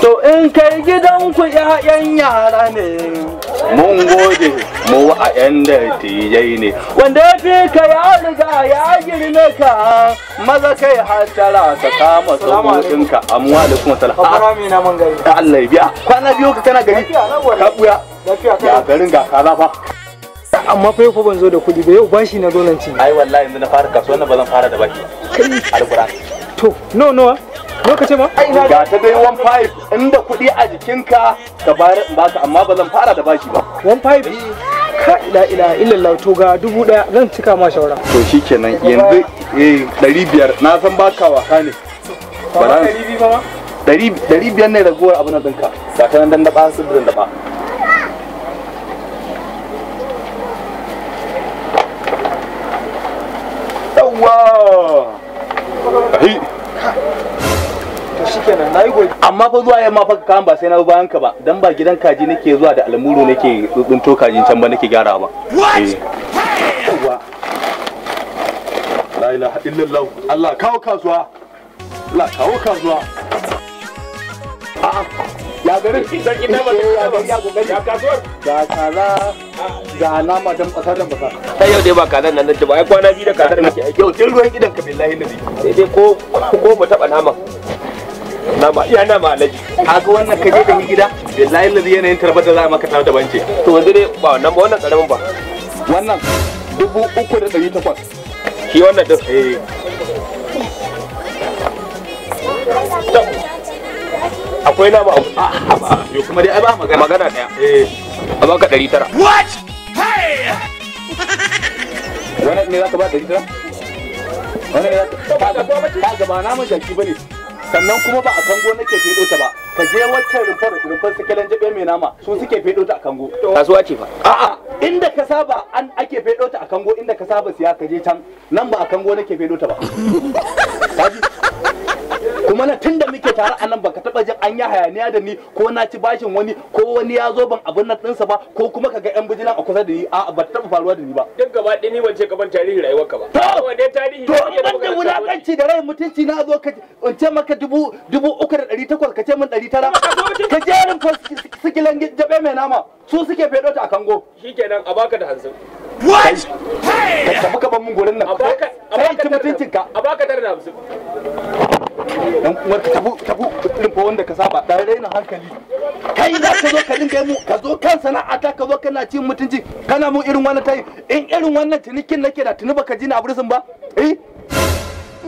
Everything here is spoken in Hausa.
To in kai gidanku ‘ya'yan yara ne. Mun gode mu a ‘yan tijai ne. Wanda ya fi ka ya riga ya girme ka maza kai hatara ka kama ka, amma da kuma sala. rami na man gari. Allah ya biya. Kwana biyu ka kana gari. Ka buya. Ya garin ga kaza fa. amma fa yau ban zo da kuɗi ba yau bashi na zo nan ci. Ai wallahi yanzu na fara kasuwa na ba zan fara da baki. Alƙur'an. To n'o no. lokaci ba ga ta dai one five inda kuɗi a jikinka ka bayar in baka amma ba zan fara da bashi ba one five eh. ka ila ila illallah to ga dubu daya zan cika ma shawara to shikenan yanzu eh ɗari biyar na san baka waka ne ba ɗari biyar ne ragowar abu na ɗinka ga ta nan dandaba su dandaba yawwa amma fa zuwa yamma fa kan ba sai na bayan ka ba dan ba gidan kaji nake zuwa da almuru nake tsuntsunto kajin can ba nake gyara ba eh. la ilaha illallah Allah kawo kasuwa Allah kawo kasuwa a ya garin sarki da ba eh, ya kasuwar ga kaza ga nama dan kasar da basa sai yau dai ba kazan nan da ba ai kwana biyu da kazar muke aiki yau tun ruwan gidan ka billahi nabi sai dai ko ko mu taba naman nama iya nama alaji kaga wannan ka je da ni gida billahi lazi yanayin tarbar da za a maka ta da bance to yanzu dai ba wannan ba wannan karamin ba wannan dubu uku da ɗari takwas shi wannan da eh akwai nama a ah, ba yo kuma dai ai ba magana magana daya eh a baka ɗari tara what hey wannan ne za ka ba ɗari tara wannan ne za ka ba ka gaba na mun jaki bane sannan kuma ba a kango nake fedo ta ba ka je waccan rumfar rufar su kalan jabe mai nama su suke fedo ta a kango kasuwa ce fa a'a inda ka saba an ake fedo ta a kango inda ka saba siya ka je can nan ba a kango nake fedo ta ba kuma na tunda muke tare a nan baka taba jin an yi hayaniya da ni ko na ci bashin wani ko wani ya zo ban abin nan ba ko kuma ka ga yan bijilan a kusa da ni a ba ta taba faruwa da ni ba duk gaba ɗaya ni ban ka ban tarihi rayuwar ka ba to wanda tarihi to ban wulakanci da rai mutunci na zo ka ce maka dubu dubu uku da ɗari takwas ka ce min ɗari tara ka fa jabe mai nama su suke fedo ta a kango shikenan a baka da hanzin What? Ka ka gurin nan. ka. A baka ka tabu ka saba ka zo ka dinga mu ka kan sana'ata ka zo mutunci kana mu irin wannan tayi irin wannan tunikin nake da tuni baka ji na abrisin ba. Eh?